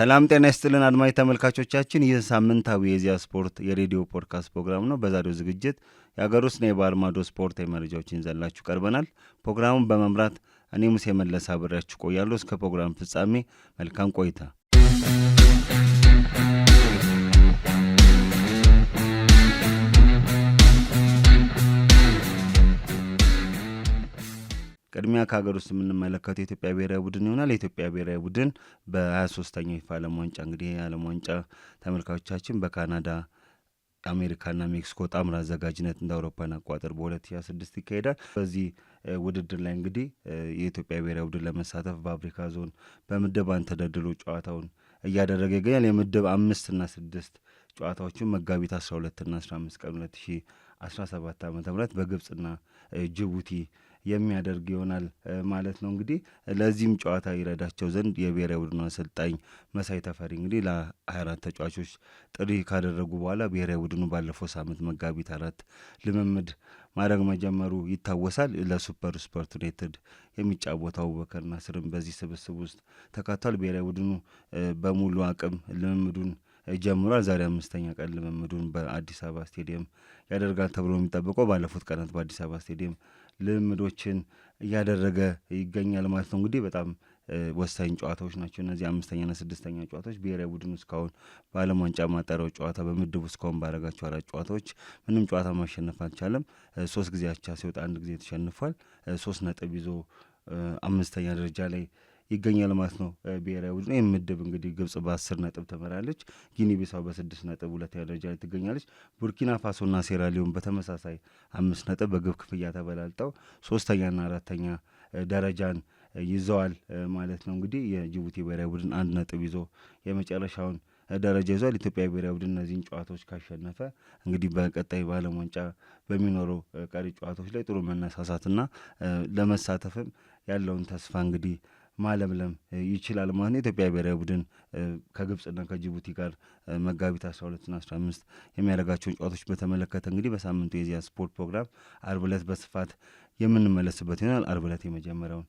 ሰላም ጤና ይስጥልን አድማጭ ተመልካቾቻችን፣ ይህ ሳምንታዊ የኢዜአ ስፖርት የሬዲዮ ፖድካስት ፕሮግራም ነው። በዛሬው ዝግጅት የአገር ውስጥና የባህር ማዶ ስፖርታዊ መረጃዎችን ይዘንላችሁ ቀርበናል። ፕሮግራሙን በመምራት እኔ ሙሴ መለስ አብሬያችሁ ቆያለሁ። እስከ ፕሮግራም ፍጻሜ መልካም ቆይታ ቅድሚያ ከሀገር ውስጥ የምንመለከተው የኢትዮጵያ ብሔራዊ ቡድን ይሆናል። የኢትዮጵያ ብሔራዊ ቡድን በሀያ ሶስተኛው ፊፋ ዓለም ዋንጫ እንግዲህ የዓለም ዋንጫ ተመልካቾቻችን በካናዳ አሜሪካና ሜክሲኮ ጣምራ አዘጋጅነት እንደ አውሮፓን አቋጠር በ2026 ይካሄዳል። በዚህ ውድድር ላይ እንግዲህ የኢትዮጵያ ብሔራዊ ቡድን ለመሳተፍ በአፍሪካ ዞን በምድብ አንድ ተደልድሎ ጨዋታውን እያደረገ ይገኛል። የምድብ አምስትና ስድስት ጨዋታዎችን መጋቢት 12ና 15 ቀን 2017 ዓ ም በግብጽና ጅቡቲ የሚያደርግ ይሆናል ማለት ነው። እንግዲህ ለዚህም ጨዋታ ይረዳቸው ዘንድ የብሔራዊ ቡድኑ አሰልጣኝ መሳይ ተፈሪ እንግዲህ ለ24 ተጫዋቾች ጥሪ ካደረጉ በኋላ ብሔራዊ ቡድኑ ባለፈው ሳምንት መጋቢት አራት ልምምድ ማድረግ መጀመሩ ይታወሳል። ለሱፐር ስፖርት ዩናይትድ የሚጫወተው አቡበከር ናስርም በዚህ ስብስብ ውስጥ ተካቷል። ብሔራዊ ቡድኑ በሙሉ አቅም ልምምዱን ጀምሯል። ዛሬ አምስተኛ ቀን ልምምዱን በአዲስ አበባ ስቴዲየም ያደርጋል ተብሎ የሚጠበቀው ባለፉት ቀናት በአዲስ አበባ ስቴዲየም ልምዶችን እያደረገ ይገኛል ማለት ነው። እንግዲህ በጣም ወሳኝ ጨዋታዎች ናቸው እነዚህ አምስተኛና ስድስተኛ ጨዋታዎች። ብሔራዊ ቡድኑ እስካሁን በዓለም ዋንጫ ማጣሪያው ጨዋታ በምድቡ እስካሁን ባረጋቸው አራት ጨዋታዎች ምንም ጨዋታ ማሸነፍ አልቻለም። ሶስት ጊዜ አቻ ሲወጣ፣ አንድ ጊዜ ተሸንፏል። ሶስት ነጥብ ይዞ አምስተኛ ደረጃ ላይ ይገኛል ማለት ነው ብሔራዊ ቡድን ይህም ምድብ እንግዲህ ግብጽ በአስር ነጥብ ትመራለች። ጊኒ ቢሳው በስድስት ነጥብ ሁለተኛ ደረጃ ላይ ትገኛለች። ቡርኪና ፋሶና ሴራሊዮን በተመሳሳይ አምስት ነጥብ በግብ ክፍያ ተበላልጠው ሶስተኛና አራተኛ ደረጃን ይዘዋል ማለት ነው። እንግዲህ የጅቡቲ ብሔራዊ ቡድን አንድ ነጥብ ይዞ የመጨረሻውን ደረጃ ይዟል። ኢትዮጵያ ብሔራዊ ቡድን እነዚህን ጨዋታዎች ካሸነፈ እንግዲህ በቀጣይ በዓለም ዋንጫ በሚኖሩ ቀሪ ጨዋታዎች ላይ ጥሩ መነሳሳትና ለመሳተፍም ያለውን ተስፋ እንግዲህ ማለምለም ይችላል ማለት ነው። ኢትዮጵያ ብሔራዊ ቡድን ከግብፅና ከጅቡቲ ጋር መጋቢት አስራ 12ና አምስት የሚያደርጋቸውን ጨዋታዎች በተመለከተ እንግዲህ በሳምንቱ የኢዜአ ስፖርት ፕሮግራም አርብ ዕለት በስፋት የምንመለስበት ይሆናል። አርብ ዕለት የመጀመሪያውን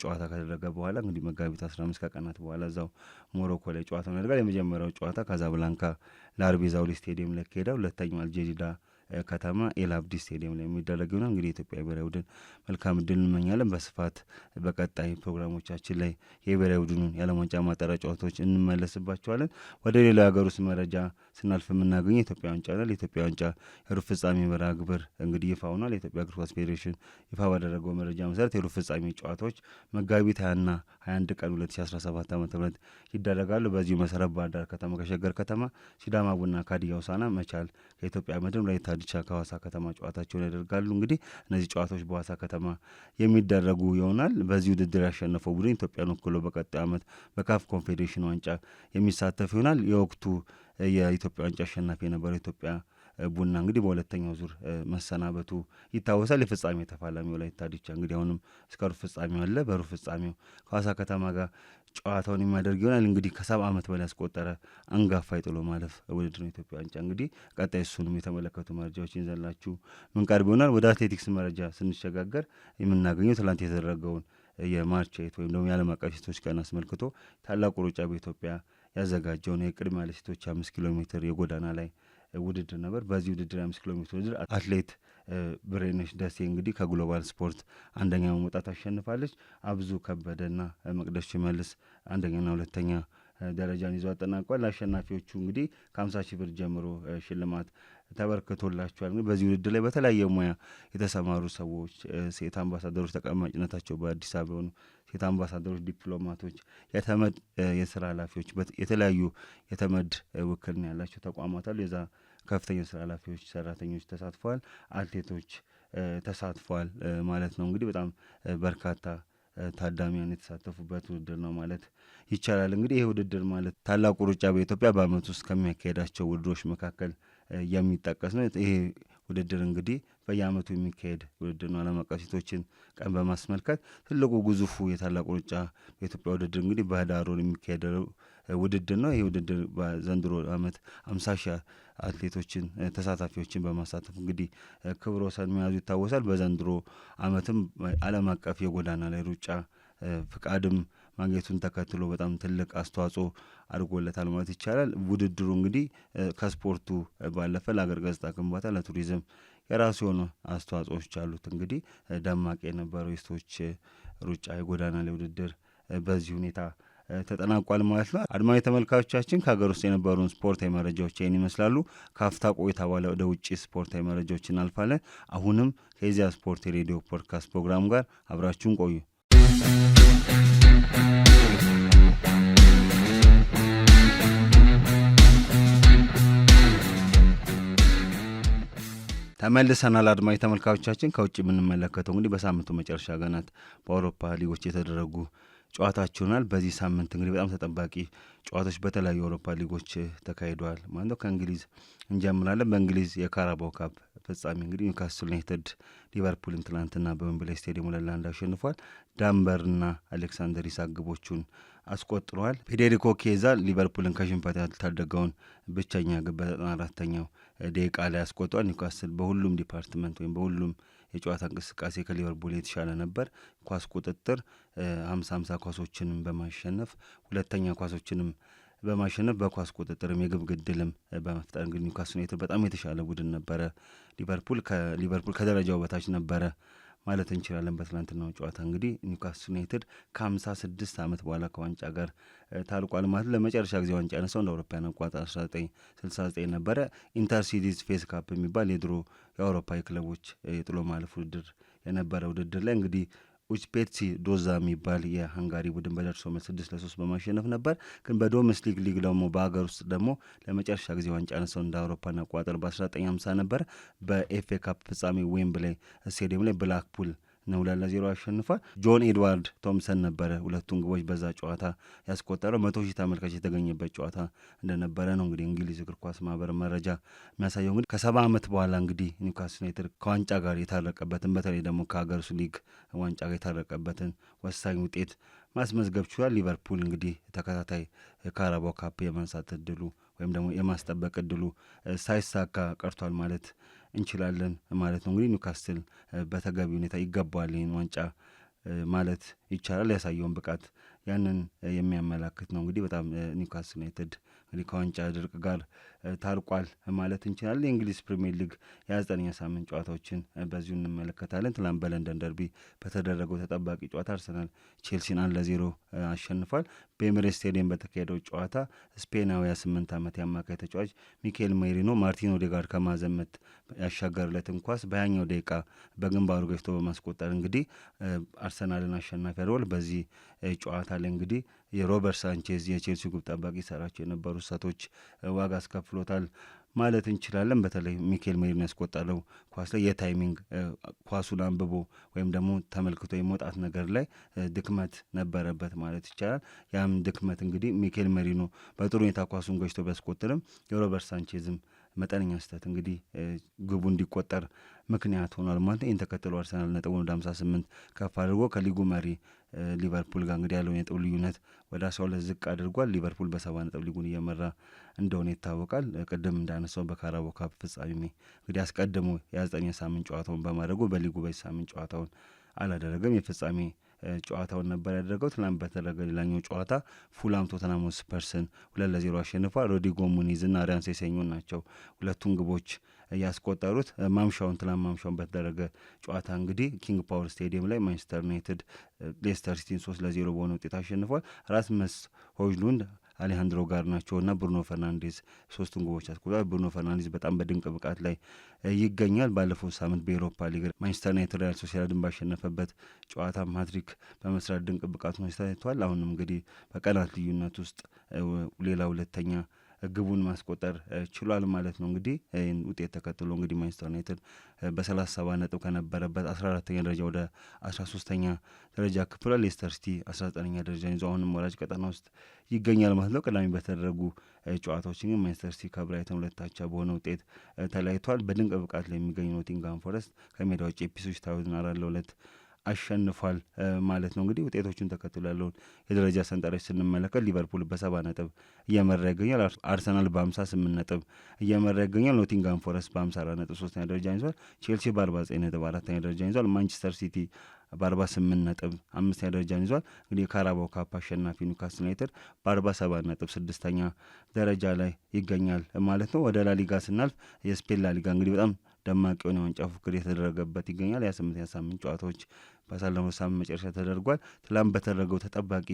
ጨዋታ ከተደረገ በኋላ እንግዲህ መጋቢት አስራ አምስት ከቀናት በኋላ እዛው ሞሮኮ ላይ ጨዋታ ያደርጋል። የመጀመሪያው ጨዋታ ካዛብላንካ ለአርቢ ስቴዲየም ላይ ይካሄዳል። ሁለተኛው አልጀዚዳ ከተማ ኤልአብዲ ስቴዲየም ላይ የሚደረግ ይሆናል። እንግዲህ የኢትዮጵያ ብሔራዊ ቡድን መልካም እድል እንመኛለን። በስፋት በቀጣይ ፕሮግራሞቻችን ላይ የብሔራዊ ቡድኑን የዓለም ዋንጫ ማጣሪያ ጨዋታዎች እንመለስባቸዋለን። ወደ ሌላው የሀገር ውስጥ መረጃ ስናልፍ የምናገኘው የኢትዮጵያ ዋንጫ ናል የኢትዮጵያ ዋንጫ የሩብ ፍጻሜ መርሃ ግብር እንግዲህ ይፋ ሆኗል። የኢትዮጵያ እግር ኳስ ፌዴሬሽን ይፋ ባደረገው መረጃ መሰረት የሩብ ፍጻሜ ጨዋታዎች መጋቢት ሀያና ሀያ አንድ ቀን ሁለት ሺ አስራ ሰባት ዓመተ ምህረት ይደረጋሉ። በዚሁ መሰረት ባህር ዳር ከተማ ከሸገር ከተማ፣ ሲዳማ ቡና ከሀዲያ ሆሳዕና፣ መቻል የኢትዮጵያ መድን ወላይታ ዲቻ ከሀዋሳ ከተማ ጨዋታቸውን ያደርጋሉ። እንግዲህ እነዚህ ጨዋታዎች በሀዋሳ ከተማ የሚደረጉ ይሆናል። በዚህ ውድድር ያሸነፈው ቡድን ኢትዮጵያን ወክሎ በቀጣዩ ዓመት በካፍ ኮንፌዴሬሽን ዋንጫ የሚሳተፍ ይሆናል። የወቅቱ የኢትዮጵያ ዋንጫ አሸናፊ የነበረው ኢትዮጵያ ቡና እንግዲህ በሁለተኛው ዙር መሰናበቱ ይታወሳል። የፍጻሜ ተፋላሚ ወላይታ ዲቻ እንግዲህ አሁንም እስከ ሩብ ፍጻሜው አለ። በሩብ ፍጻሜው ከሀዋሳ ከተማ ጋር ጨዋታውን የሚያደርግ ይሆናል። እንግዲህ ከሰባ ዓመት በላይ ያስቆጠረ አንጋፋ የጥሎ ማለፍ ውድድር ነው ኢትዮጵያ ዋንጫ። እንግዲህ ቀጣይ እሱንም የተመለከቱ መረጃዎች ይዘንላችሁ ምንቀርብ ይሆናል። ወደ አትሌቲክስ መረጃ ስንሸጋገር የምናገኘው ትላንት የተደረገውን የማርች ኤይት ወይም ደግሞ የዓለም አቀፍ ሴቶች ቀን አስመልክቶ ታላቁ ሩጫ በኢትዮጵያ ያዘጋጀውን የቅድሚያ ለሴቶች አምስት ኪሎ ሜትር የጎዳና ላይ ውድድር ነበር። በዚህ ውድድር አምስት ኪሎ ሜትር ውድድር አትሌት ብሬነሽ ደሴ እንግዲህ ከግሎባል ስፖርት አንደኛ መውጣት አሸንፋለች። አብዙ ከበደና መቅደስ ሽመልስ አንደኛና ሁለተኛ ደረጃን ይዞ አጠናቋል። አሸናፊዎቹ እንግዲህ ከሀምሳ ሺህ ብር ጀምሮ ሽልማት ተበርክቶላቸዋል። እንግዲህ በዚህ ውድድር ላይ በተለያየ ሙያ የተሰማሩ ሰዎች፣ ሴት አምባሳደሮች ተቀማጭነታቸው በአዲስ አበባ የሆኑ ሴት አምባሳደሮች፣ ዲፕሎማቶች፣ የተመድ የስራ ኃላፊዎች፣ የተለያዩ የተመድ ውክልና ያላቸው ተቋማት አሉ የዛ ከፍተኛ ስራ ኃላፊዎች፣ ሰራተኞች ተሳትፏል። አትሌቶች ተሳትፏል ማለት ነው። እንግዲህ በጣም በርካታ ታዳሚያን የተሳተፉበት ውድድር ነው ማለት ይቻላል። እንግዲህ ይህ ውድድር ማለት ታላቁ ሩጫ በኢትዮጵያ በአመት ውስጥ ከሚያካሄዳቸው ውድድሮች መካከል የሚጠቀስ ነው። ይሄ ውድድር እንግዲህ በየዓመቱ የሚካሄድ ውድድር ነው። ዓለም አቀፍ ሴቶችን ቀን በማስመልከት ትልቁ ግዙፉ የታላቁ ሩጫ በኢትዮጵያ ውድድር እንግዲህ በህዳር ወር የሚካሄደው ውድድር ነው። ይህ ውድድር በዘንድሮ አመት አምሳ ሺህ አትሌቶችን ተሳታፊዎችን በማሳተፍ እንግዲህ ክብረ ወሰን መያዙ ይታወሳል። በዘንድሮ ዓመትም ዓለም አቀፍ የጎዳና ላይ ሩጫ ፍቃድም ማግኘቱን ተከትሎ በጣም ትልቅ አስተዋጽኦ አድርጎለታል ማለት ይቻላል። ውድድሩ እንግዲህ ከስፖርቱ ባለፈ ለአገር ገጽታ ግንባታ፣ ለቱሪዝም የራሱ የሆኑ አስተዋጽኦች አሉት። እንግዲህ ደማቅ የነበረው የሴቶች ሩጫ የጎዳና ላይ ውድድር በዚህ ሁኔታ ተጠናቋል ማለት ነው። አድማዊ ተመልካቾቻችን ከሀገር ውስጥ የነበሩን ስፖርታዊ መረጃዎች ይህን ይመስላሉ። ከአፍታ ቆይታ በኋላ ወደ ውጭ ስፖርታዊ መረጃዎች እናልፋለን። አሁንም ከዚያ ስፖርት የሬዲዮ ፖድካስት ፕሮግራም ጋር አብራችሁን ቆዩ። ተመልሰናል አድማጭ ተመልካቾቻችን። ከውጭ የምንመለከተው እንግዲህ በሳምንቱ መጨረሻ ገናት በአውሮፓ ሊጎች የተደረጉ ጨዋታቸው ይሆናል። በዚህ ሳምንት እንግዲህ በጣም ተጠባቂ ጨዋታዎች በተለያዩ የአውሮፓ ሊጎች ተካሂደዋል ማለት ነው። ከእንግሊዝ እንጀምራለን። በእንግሊዝ የካራባው ካፕ ፍጻሜ እንግዲህ ኒውካስትል ዩናይትድ ሊቨርፑልን ትናንትና በዌምብሌይ ስቴዲየም ሁለት ለአንድ አሸንፏል። ዳምበርና አሌክሳንደር ኢሳክ ግቦቹን አስቆጥረዋል። ፌዴሪኮ ኬዛ ሊቨርፑልን ከሽንፈት ያልታደገውን ብቸኛ ግብ በዘጠና አራተኛው ደቂቃ ላይ ያስቆጠዋል። ኒውካስል በሁሉም ዲፓርትመንት ወይም በሁሉም የጨዋታ እንቅስቃሴ ከሊቨርፑል የተሻለ ነበር። ኳስ ቁጥጥር ሀምሳ ሀምሳ ኳሶችንም በማሸነፍ ሁለተኛ ኳሶችንም በማሸነፍ በኳስ ቁጥጥርም የግብ ግድልም በመፍጠር እንግዲህ ኒውካስል ዩናይትድ በጣም የተሻለ ቡድን ነበረ። ሊቨርፑል ከሊቨርፑል ከደረጃው በታች ነበረ። ማለት እንችላለን። በትላንትናው ጨዋታ እንግዲህ ኒውካስል ዩናይትድ ከሀምሳ ስድስት ዓመት በኋላ ከዋንጫ ጋር ታልቋል። ማለት ለመጨረሻ ጊዜ ዋንጫ ያነሳው እንደ አውሮፓያን አውሮፓውያን ስልሳ ዘጠኝ ነበረ። ኢንተርሲቲስ ፌስ ካፕ የሚባል የድሮ የአውሮፓ ክለቦች የጥሎ ማለፍ ውድድር የነበረ ውድድር ላይ እንግዲህ ኡስፔትሲ ዶዛ የሚባል የሀንጋሪ ቡድን በደርሶ መልስ ስድስት ለሶስት በማሸነፍ ነበር። ግን በዶሜስቲክ ሊግ ደግሞ በሀገር ውስጥ ደግሞ ለመጨረሻ ጊዜ ዋንጫ ነሰው እንደ አውሮፓን አቆጣጠር በ1950 ነበር። በኤፍኤ ካፕ ፍጻሜ ዌምብሌይ ስቴዲየም ላይ ብላክፑል ነው ሁለት ለዜሮ አሸንፏል። ጆን ኤድዋርድ ቶምሰን ነበረ ሁለቱን ግቦች በዛ ጨዋታ ያስቆጠረው። መቶ ሺህ ተመልካች የተገኘበት ጨዋታ እንደነበረ ነው እንግዲህ እንግሊዝ እግር ኳስ ማህበር መረጃ የሚያሳየው። እንግዲህ ከሰባ ዓመት በኋላ እንግዲህ ኒውካስ ዩናይትድ ከዋንጫ ጋር የታረቀበትን በተለይ ደግሞ ከሀገርሱ ሊግ ዋንጫ ጋር የታረቀበትን ወሳኝ ውጤት ማስመዝገብ ችሏል። ሊቨርፑል እንግዲህ ተከታታይ ካራባው ካፕ የመንሳት እድሉ ወይም ደግሞ የማስጠበቅ እድሉ ሳይሳካ ቀርቷል ማለት እንችላለን ማለት ነው። እንግዲህ ኒውካስትል በተገቢ ሁኔታ ይገባዋል ይህን ዋንጫ ማለት ይቻላል። ያሳየውን ብቃት ያንን የሚያመላክት ነው። እንግዲህ በጣም ኒውካስትል ዩናይትድ እንግዲህ ከዋንጫ ድርቅ ጋር ታርቋል ማለት እንችላለን። የእንግሊዝ ፕሪሚየር ሊግ የዘጠነኛ ሳምንት ጨዋታዎችን በዚሁ እንመለከታለን። ትናንት በለንደን ደርቢ በተደረገው ተጠባቂ ጨዋታ አርሰናል ቼልሲን አንድ ለዜሮ አሸንፏል። በኤምሬትስ ስቴዲየም በተካሄደው ጨዋታ ስፔናዊ ስምንት ዓመት የአማካይ ተጫዋች ሚካኤል ሜሪኖ ማርቲን ኦዴጋርድ ከማዘመት ያሻገርለትን ኳስ በያኛው ደቂቃ በግንባሩ ገጭቶ በማስቆጠር እንግዲህ አርሰናልን አሸናፊ አድርጓል። በዚህ ጨዋታ ላይ እንግዲህ የሮበርት ሳንቼዝ የቼልሲ ግብ ጠባቂ ሰራቸው የነበሩ ሰቶች ዋጋ አስከፍሎታል። ማለት እንችላለን። በተለይ ሚካኤል ሜሪኖ ያስቆጠረው ኳስ ላይ የታይሚንግ ኳሱን አንብቦ ወይም ደግሞ ተመልክቶ የመውጣት ነገር ላይ ድክመት ነበረበት ማለት ይቻላል። ያም ድክመት እንግዲህ ሚካኤል ሜሪኖ በጥሩ ሁኔታ ኳሱን ገጭቶ ቢያስቆጥርም የሮበርት ሳንቼዝም መጠነኛ ስህተት እንግዲህ ግቡ እንዲቆጠር ምክንያት ሆኗል ማለት ይህን ተከትሎ አርሰናል ነጥቡን ወደ 58 ከፍ አድርጎ ከሊጉ መሪ ሊቨርፑል ጋር እንግዲህ ያለውን የነጥብ ልዩነት ወደ አስራ ሁለት ዝቅ አድርጓል። ሊቨርፑል በሰባ ነጥብ ሊጉን እየመራ እንደሆነ ይታወቃል። ቅድም እንዳነሳው በካራቦ ካፕ ፍጻሜ እንግዲህ አስቀድሞ የዘጠኝ ሳምንት ጨዋታውን በማድረጉ በሊጉ በዚህ ሳምንት ጨዋታውን አላደረገም። የፍጻሜ ጨዋታውን ነበር ያደረገው። ትናንት በተደረገ ሌላኛው ጨዋታ ፉላም ቶተንሃም ስፐርስን ሁለት ለዜሮ አሸንፏል። ሮድሪጎ ሙኒዝ እና አሪያንሴ ሴኞ ናቸው ሁለቱን ግቦች ያስቆጠሩት። ማምሻውን ትናንት ማምሻውን በተደረገ ጨዋታ እንግዲህ ኪንግ ፓወር ስቴዲየም ላይ ማንቸስተር ዩናይትድ ሌስተር ሲቲን ሶስት ለዜሮ በሆነ ውጤት አሸንፏል። ራስመስ ሆይሉንድ አሌሃንድሮ ናቸው እና ብሩኖ ፈርናንዴዝ ሶስቱን ግቦች አስቆጥሯል። ብሩኖ ፈርናንዴዝ በጣም በድንቅ ብቃት ላይ ይገኛል። ባለፈው ሳምንት በኤሮፓ ሊግ ማንቸስተር ዩናይትድ ሪያል ሶሲዳድን ባሸነፈበት ጨዋታ ማትሪክ በመስራት ድንቅ ብቃቱን አሳይቷል። አሁንም እንግዲህ በቀናት ልዩነት ውስጥ ሌላ ሁለተኛ ግቡን ማስቆጠር ችሏል ማለት ነው። እንግዲህ ይህን ውጤት ተከትሎ እንግዲህ ማንቸስተር ዩናይትድ በሰላሳ ሰባት ነጥብ ከነበረበት አስራ አራተኛ ደረጃ ወደ አስራ ሶስተኛ ደረጃ ክፍሏል። ሌስተር ሲቲ አስራ ዘጠነኛ ደረጃን ይዞ አሁንም ወራጅ ቀጠና ውስጥ ይገኛል ማለት ነው። ቅዳሜ በተደረጉ ጨዋታዎች ግን ማንቸስተር ሲቲ ከብራይተን ሁለት አቻ በሆነ ውጤት ተለያይቷል። በድንቅ ብቃት ላይ የሚገኝ ኖቲንግሃም ፎረስት ከሜዳ ውጭ ኢፕስዊች ታውንን አራት ለሁለት አሸንፏል ማለት ነው። እንግዲህ ውጤቶቹን ተከትሎ ያለውን የደረጃ ሰንጠረዥ ስንመለከት ሊቨርፑል በሰባ ነጥብ እየመራ ይገኛል። አርሰናል በአምሳ ስምንት ነጥብ እየመራ ይገኛል። ኖቲንጋም ፎረስት በአምሳ አራት ነጥብ ሶስተኛ ደረጃ ይዟል። ቼልሲ በአርባ ዘጠኝ ነጥብ አራተኛ ደረጃ ይዟል። ማንቸስተር ሲቲ በአርባ ስምንት ነጥብ አምስተኛ ደረጃን ይዟል። እንግዲህ የካራባው ካፕ አሸናፊ ኒውካስል ዩናይትድ በአርባ ሰባት ነጥብ ስድስተኛ ደረጃ ላይ ይገኛል ማለት ነው። ወደ ላሊጋ ስናልፍ የስፔን ላሊጋ እንግዲህ በጣም ደማቅ የሆነ የዋንጫ ፉክክር የተደረገበት ይገኛል። የስምንተኛ ሳምንት ጨዋታዎች ባሳለፈው ሳምንት መጨረሻ ተደርጓል። ትላንት በተደረገው ተጠባቂ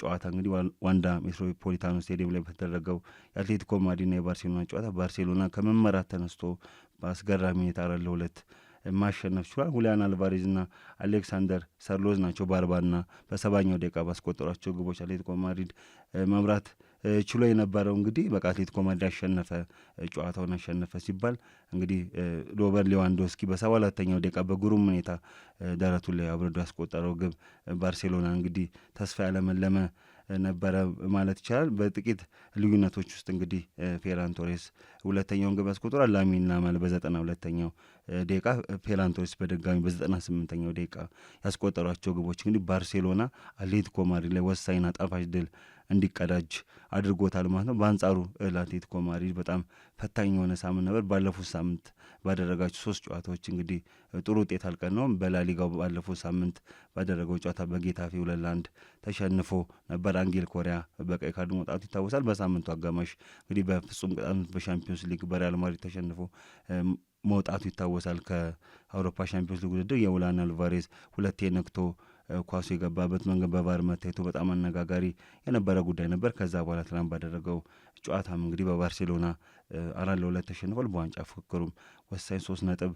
ጨዋታ እንግዲህ ዋንዳ ሜትሮፖሊታኖ ስቴዲየም ላይ በተደረገው የአትሌቲኮ ማድሪድና የባርሴሎና ጨዋታ ባርሴሎና ከመመራት ተነስቶ በአስገራሚ ሁኔታ አራት ለሁለት ማሸነፍ ችሏል። ሁሊያን አልቫሬዝና አሌክሳንደር ሰርሎዝ ናቸው በአርባና በሰባኛው ደቂቃ ባስቆጠሯቸው ግቦች አትሌቲኮ ማድሪድ መምራት ችሎ የነበረው እንግዲህ በቃ አትሌቲኮ ማድሪድ አሸነፈ ጨዋታውን አሸነፈ ሲባል እንግዲህ ሮበርት ሌዋንዶስኪ በሰባ ሁለተኛው ደቂቃ በግሩም ሁኔታ ደረቱ ላይ አብረዶ ያስቆጠረው ግብ ባርሴሎና እንግዲህ ተስፋ ያለመለመ ነበረ ማለት ይቻላል። በጥቂት ልዩነቶች ውስጥ እንግዲህ ፌራን ቶሬስ ሁለተኛውን ግብ ያስቆጥሯል። ላሚን ያማል በዘጠና ሁለተኛው ደቂቃ፣ ፌራን ቶሬስ በድጋሚ በዘጠና ስምንተኛው ደቂቃ ያስቆጠሯቸው ግቦች እንግዲህ ባርሴሎና አትሌቲኮ ማድሪድ ላይ ወሳኝና ጣፋጭ ድል እንዲቀዳጅ አድርጎታል ማለት ነው። በአንጻሩ አትሌቲኮ ማድሪድ በጣም ፈታኝ የሆነ ሳምንት ነበር። ባለፉት ሳምንት ባደረጋቸው ሶስት ጨዋታዎች እንግዲህ ጥሩ ውጤት አልቀናውም። በላሊጋው ባለፉት ሳምንት ባደረገው ጨዋታ በጌታፌ ሁለት ለአንድ ተሸንፎ ነበር። አንጌል ኮሪያ በቀይ ካርድ መውጣቱ ይታወሳል። በሳምንቱ አጋማሽ እንግዲህ በፍጹም ቅጣት በሻምፒዮንስ ሊግ በሪያል ማድሪድ ተሸንፎ መውጣቱ ይታወሳል። ከአውሮፓ ሻምፒዮንስ ሊግ ውድድር የውላን አልቫሬዝ ሁለቴ ነክቶ ኳሱ የገባበት መንገድ በቫር መታየቱ በጣም አነጋጋሪ የነበረ ጉዳይ ነበር። ከዛ በኋላ ትናንት ባደረገው ጨዋታም እንግዲህ በባርሴሎና አራት ለሁለት ተሸንፏል። በዋንጫ ፉክክሩም ወሳኝ ሶስት ነጥብ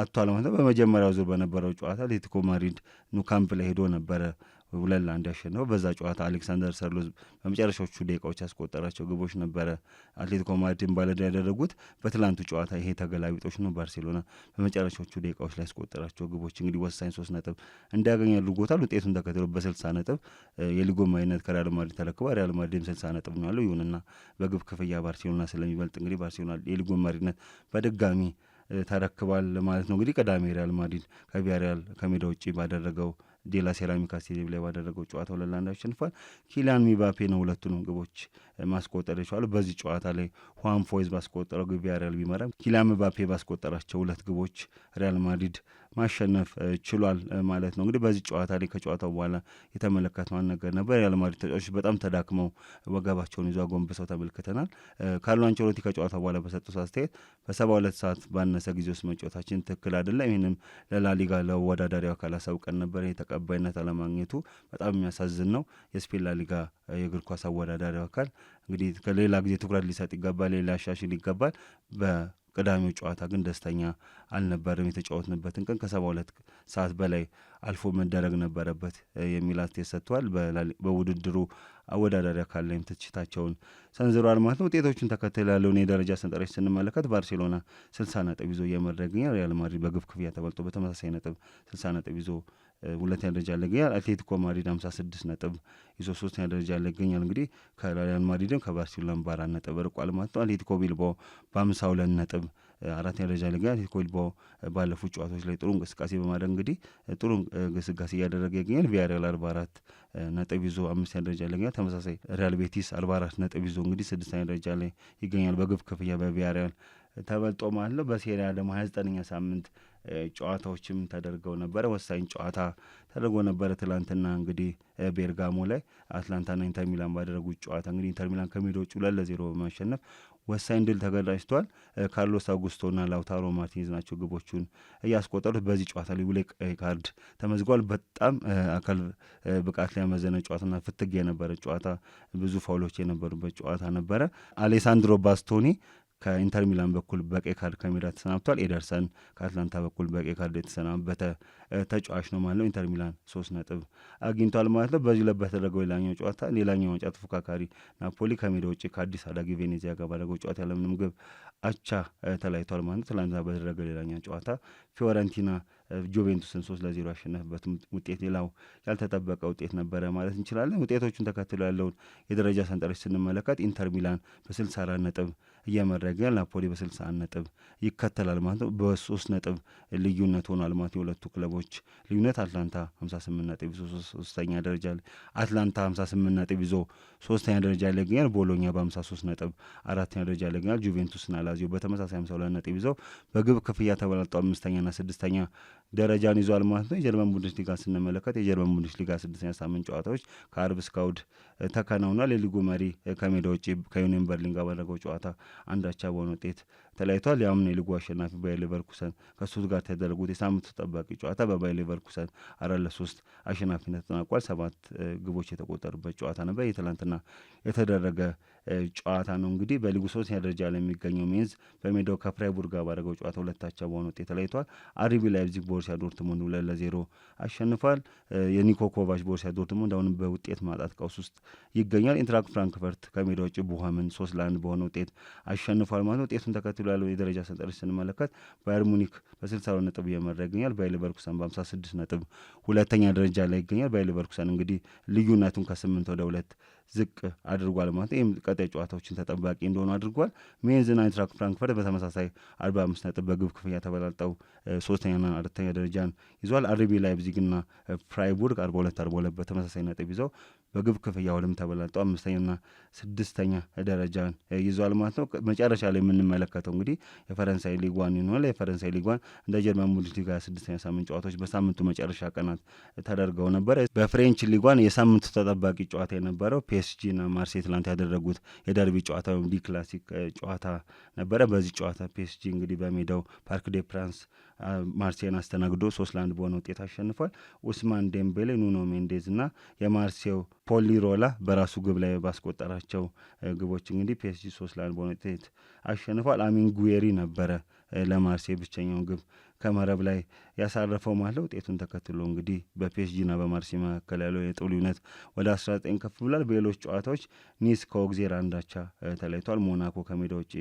አጥቷል ማለት ነው። በመጀመሪያው ዙር በነበረው ጨዋታ አትሌቲኮ ማድሪድ ኑካምፕ ላይ ሄዶ ነበረ ሁለት ለአንድ ያሸነፈው በዛ ጨዋታ አሌክሳንደር ሰርሎዝ በመጨረሻዎቹ ደቂቃዎች ያስቆጠራቸው ግቦች ነበረ አትሌቲኮ ማድሪድን ባለድል ያደረጉት። በትላንቱ ጨዋታ ይሄ ተገላቢጦች ነው። ባርሴሎና በመጨረሻዎቹ ደቂቃዎች ላይ ያስቆጠራቸው ግቦች እንግዲህ ወሳኝ ሶስት ነጥብ እንዲያገኝ አድርጎታል። ውጤቱን ተከትሎ በስልሳ ነጥብ የሊጉን መሪነት ከሪያል ማድሪድ ተረክቧል። ሪያል ማድሪድም ስልሳ ነጥብ ነው ያለው። ይሁንና በግብ ክፍያ ባርሴሎና ስለሚበልጥ እንግዲህ ባርሴሎና የሊጉን መሪነት በድጋሚ ተረክቧል ማለት ነው። እንግዲህ ቅዳሜ ሪያል ማድሪድ ከቪያሪያል ከሜዳ ውጭ ባደረገው ዴላ ሴራሚካ ስቴዲየም ላይ ባደረገው ጨዋታ ሁለት ለአንድ አሸንፏል። ኪሊያን ሚባፔ ነው ሁለቱንም ግቦች ማስቆጠር የቻሉ። በዚህ ጨዋታ ላይ ሁዋን ፎይዝ ባስቆጠረው ግብ ሪያል ቢመራም ኪሊያን ሚባፔ ባስቆጠራቸው ሁለት ግቦች ሪያል ማድሪድ ማሸነፍ ችሏል ማለት ነው። እንግዲህ በዚህ ጨዋታ ላይ ከጨዋታው በኋላ የተመለከትነው ነገር ነበር። የሪያል ማድሪድ ተጫዋቾች በጣም ተዳክመው ወገባቸውን ይዞ አጎንብሰው ተመልክተናል። ካርሎ አንቸሎቲ ከጨዋታ በኋላ በሰጡት አስተያየት በሰባ ሁለት ሰዓት ባነሰ ጊዜ ውስጥ መጫወታችን ትክክል አይደለም። ይህንም ለላሊጋ ለወዳዳሪው አካል አሳውቀን ነበር። ይህ ተቀባይነት አለማግኘቱ በጣም የሚያሳዝን ነው። የስፔን ላሊጋ የእግር ኳስ አወዳዳሪው አካል እንግዲህ ከሌላ ጊዜ ትኩረት ሊሰጥ ይገባል፣ ሌላ ያሻሽል ይገባል። ቅዳሜው ጨዋታ ግን ደስተኛ አልነበርም። የተጫወትንበትን ቀን ከሰባ ሁለት ሰዓት በላይ አልፎ መደረግ ነበረበት የሚል አስተያየት ሰጥተዋል። በውድድሩ አወዳዳሪ አካል ላይም ትችታቸውን ሰንዝረዋል ማለት ነው። ውጤቶችን ተከትል ያለውን የደረጃ ሰንጠረዥ ስንመለከት ባርሴሎና ስልሳ ነጥብ ይዞ እየመራ ይገኛል። ሪያል ማድሪድ በግብ ክፍያ ተበልጦ በተመሳሳይ ነጥብ ስልሳ ነጥብ ይዞ ሁለተኛ ደረጃ ላይ ይገኛል። አትሌቲኮ ማድሪድ ሀምሳ ስድስት ነጥብ ይዞ ሶስተኛ ደረጃ ላይ ይገኛል። እንግዲህ ከሪያል ማድሪድም ከባርሴሎና በአራት ነጥብ ርቋል ማለት ነው። አትሌቲኮ ቢልባኦ በሀምሳ ሁለት ነጥብ አራተኛ ደረጃ ላይ ግን አትሌቲኮ ባለፉት ጨዋታዎች ላይ ጥሩ እንቅስቃሴ በማድረግ እንግዲህ ጥሩ እንቅስቃሴ እያደረገ ይገኛል። ቪያሪያል አርባ አራት ነጥብ ይዞ አምስተኛ ደረጃ ላይ ይገኛል። ተመሳሳይ ሪያል ቤቲስ አርባ አራት ነጥብ ይዞ እንግዲህ ስድስተኛ ደረጃ ላይ ይገኛል። በግብ ክፍያ በቪያሪያል ተበልጦ ማለት ነው። በሴሪያ ደግሞ ሀያ ዘጠነኛ ሳምንት ጨዋታዎችም ተደርገው ነበረ። ወሳኝ ጨዋታ ተደርጎ ነበረ ትላንትና እንግዲህ ቤርጋሞ ላይ አትላንታና ኢንተር ሚላን ባደረጉት ጨዋታ እንግዲህ ኢንተር ሚላን ከሜዳ ውጭ ሁለት ለዜሮ በማሸነፍ ወሳኝ ድል ተገዳጅቷል። ካርሎስ አውጉስቶና ላውታሮ ማርቲኔዝ ናቸው ግቦቹን እያስቆጠሩት። በዚህ ጨዋታ ላይ ሁለት ካርድ ተመዝጓል። በጣም አካል ብቃት ላይ ያመዘነ ጨዋታና ፍትግ የነበረ ጨዋታ፣ ብዙ ፋውሎች የነበሩበት ጨዋታ ነበረ። አሌሳንድሮ ባስቶኒ ከኢንተር ሚላን በኩል በቀይ ካርድ ከሜዳ ተሰናብቷል። ኤደርሰን ከአትላንታ በኩል በቀይ ካርድ የተሰናበተ ተጫዋች ነው ማለት ነው። ኢንተር ሚላን ሶስት ነጥብ አግኝቷል ማለት ነው። በዚሁ ላይ በተደረገው ሌላኛው ጨዋታ ሌላኛው ዋንጫ ተፎካካሪ ናፖሊ ከሜዳ ውጭ ከአዲስ አዳጊ ቬኔዚያ ጋር ባደረገው ጨዋታ ያለምንም ግብ አቻ ተለያይቷል ማለት ነው። ትላንትና በተደረገው ሌላኛው ጨዋታ ፊዮረንቲና ጁቬንቱስን ሶስት ለዜሮ ያሸነፍበት ውጤት ሌላው ያልተጠበቀ ውጤት ነበረ ማለት እንችላለን። ውጤቶቹን ተከትሎ ያለውን የደረጃ ሰንጠረዥ ስንመለከት ኢንተር ሚላን በስልሳ አራት ነጥብ እያመረገ ናፖሊ በ61 ነጥብ ይከተላል ማለት ነው። በሶስት ነጥብ ልዩነት ሆኗል ማለት የሁለቱ ክለቦች ልዩነት አትላንታ 58 ነጥብ ይዞ ሶስተኛ ደረጃ ላይ አትላንታ 58 ነጥብ ይዞ ሶስተኛ ደረጃ ላይ ይገኛል። ቦሎኛ በ53 ነጥብ አራተኛ ደረጃ ላይ ይገኛል። ጁቬንቱስና ላዚዮ በተመሳሳይ 52 ነጥብ ይዘው በግብ ክፍያ ተበላልጦ አምስተኛና ስድስተኛ ደረጃን ይዟል ማለት ነው። የጀርመን ቡንደስሊጋ ስንመለከት የጀርመን ቡንደስሊጋ ስድስተኛ ሳምንት ጨዋታዎች ከአርብ እስከ እሁድ ተከናውኗል። የሊጉ መሪ ከሜዳ ውጭ ከዩኒየን በርሊን ጋር ባደረገው ጨዋታ አንዳቻ በሆነ ውጤት ተለያይቷል። ያም የሊጉ አሸናፊ ባየር ሌቨርኩሰን ከሱት ጋር ተደረጉት የሳምንቱ ተጠባቂ ጨዋታ በባየር ሌቨርኩሰን አራት ለሶስት አሸናፊነት ተጠናቋል። ሰባት ግቦች የተቆጠሩበት ጨዋታ ነበር። የትላንትና የተደረገ ጨዋታ ነው። እንግዲህ በሊጉ ሶስተኛ ደረጃ ላይ የሚገኘው ሜንዝ በሜዳው ከፍራይቡር ጋር ባደረገው ጨዋታ ሁለታቸው በሆነ ውጤት ተለያይቷል። አሪቢ ላይፕዚግ ቦርሲያ ዶርትሙንድ ሁለት ለዜሮ አሸንፏል። የኒኮ ኮቫች ቦርሲያ ዶርትሙንድ አሁንም በውጤት ማጣት ቀውስ ውስጥ ይገኛል። ኢንትራክት ፍራንክፈርት ከሜዳ ውጭ ቡሃምን ሶስት ለአንድ በሆነ ውጤት አሸንፏል ማለት ነው። ውጤቱን ተከትሎ ያለው የደረጃ ሰንጠረዥ ስንመለከት ባየር ሙኒክ በስልሳ ሁለት ነጥብ እየመራ ይገኛል። ባየር ሌቨርኩሰን በሀምሳ ስድስት ነጥብ ሁለተኛ ደረጃ ላይ ይገኛል። ባየር ሌቨርኩሰን እንግዲህ ልዩነቱን ከስምንት ወደ ሁለት ዝቅ አድርጓል ማለት ይህም ቀጣይ ጨዋታዎችን ተጠባቂ እንደሆኑ አድርጓል። ሜንዝና አይንትራክ ፍራንክፈርት በተመሳሳይ አርባ አምስት ነጥብ በግብ ክፍያ ተበላልጠው ሶስተኛና አራተኛ ደረጃን ይዟል። አርቢ ላይፕዚግና ፍራይቡርግ አርባ ሁለት አርባ ሁለት በተመሳሳይ ነጥብ ይዘው በግብ ክፍያውንም ተበላልጦ አምስተኛና ስድስተኛ ደረጃን ይዟል ማለት ነው። መጨረሻ ላይ የምንመለከተው እንግዲህ የፈረንሳይ ሊጓን ይሆናል። የፈረንሳይ ሊጓን እንደ ጀርመን ቡንድስሊጋ ስድስተኛ ሳምንት ጨዋታዎች በሳምንቱ መጨረሻ ቀናት ተደርገው ነበር። በፍሬንች ሊጓን የሳምንቱ ተጠባቂ ጨዋታ የነበረው ፒኤስጂና ማርሴ ትላንት ያደረጉት የደርቢ ጨዋታ ወይም ዲ ክላሲክ ጨዋታ ነበረ። በዚህ ጨዋታ ፒኤስጂ እንግዲህ በሜዳው ፓርክ ዴ ፕራንስ ማርሴን አስተናግዶ ሶስት ለአንድ በሆነ ውጤት አሸንፏል። ኡስማን ዴምቤሌ፣ ኑኖ ሜንዴዝ እና የማርሴው ፖሊሮላ በራሱ ግብ ላይ ባስቆጠራቸው ግቦች እንግዲህ ፒኤስጂ ሶስት ለአንድ በሆነ ውጤት አሸንፏል። አሚን ጉዌሪ ነበረ ለማርሴ ብቸኛውን ግብ ከመረብ ላይ ያሳረፈው ማለ ውጤቱን ተከትሎ እንግዲህ በፒኤስጂና በማርሲ መካከል ያለው የጥሉ ልዩነት ወደ 19 ከፍ ብሏል። በሌሎች ጨዋታዎች ኒስ ከኦግዜር አንዳቻ ተለይቷል። ሞናኮ ከሜዳ ውጭ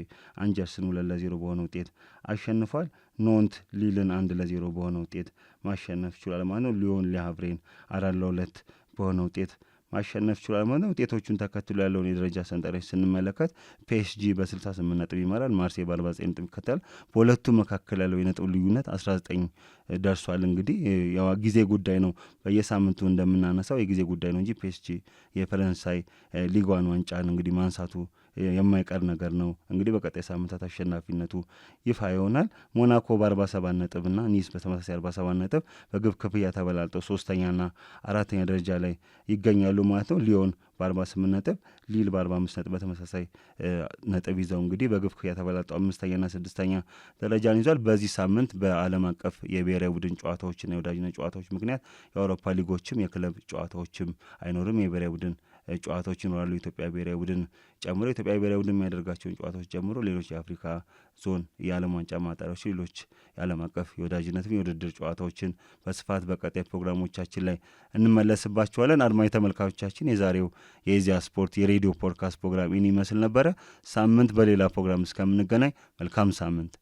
አንጀርስን ሁለት ለዜሮ በሆነ ውጤት አሸንፏል። ኖንት ሊልን አንድ ለዜሮ በሆነ ውጤት ማሸነፍ ችሏል ማለት ነው። ሊዮን ሊሃቭሬን አራት ለሁለት በሆነ ውጤት ማሸነፍ ችሏል ማለት ነው። ውጤቶቹን ተከትሎ ያለውን የደረጃ ሰንጠረዥ ስንመለከት ፒኤስጂ በ68 ነጥብ ይመራል። ማርሴይ በ49 ነጥብ ይከተላል። በሁለቱ መካከል ያለው የነጥብ ልዩነት 19 ደርሷል። እንግዲህ ያው ጊዜ ጉዳይ ነው፣ በየሳምንቱ እንደምናነሳው የጊዜ ጉዳይ ነው እንጂ ፒኤስጂ የፈረንሳይ ሊጓን ዋንጫን እንግዲህ ማንሳቱ የማይቀር ነገር ነው። እንግዲህ በቀጣይ ሳምንታት አሸናፊነቱ ይፋ ይሆናል። ሞናኮ በ47 ነጥብና ኒስ በተመሳሳይ 47 ነጥብ በግብ ክፍያ ተበላልጠው ሶስተኛና አራተኛ ደረጃ ላይ ይገኛሉ ማለት ነው። ሊዮን በ48 ነጥብ፣ ሊል በ45 ነጥብ በተመሳሳይ ነጥብ ይዘው እንግዲህ በግብ ክፍያ ተበላልጠው አምስተኛና ስድስተኛ ደረጃን ይዟል። በዚህ ሳምንት በዓለም አቀፍ የብሔራዊ ቡድን ጨዋታዎችና የወዳጅነት ጨዋታዎች ምክንያት የአውሮፓ ሊጎችም የክለብ ጨዋታዎችም አይኖርም የብሔራዊ ቡድን ጨዋታዎች ይኖራሉ። ኢትዮጵያ ብሔራዊ ቡድን ጨምሮ ኢትዮጵያ ብሔራዊ ቡድን የሚያደርጋቸውን ጨዋታዎች ጨምሮ ሌሎች የአፍሪካ ዞን የዓለም ዋንጫ ማጣሪያዎች፣ ሌሎች የዓለም አቀፍ የወዳጅነትም የውድድር ጨዋታዎችን በስፋት በቀጣይ ፕሮግራሞቻችን ላይ እንመለስባቸዋለን። አድማጭ ተመልካቾቻችን የዛሬው የኢዜአ ስፖርት የሬዲዮ ፖድካስት ፕሮግራም ይህን ይመስል ነበረ። ሳምንት በሌላ ፕሮግራም እስከምንገናኝ መልካም ሳምንት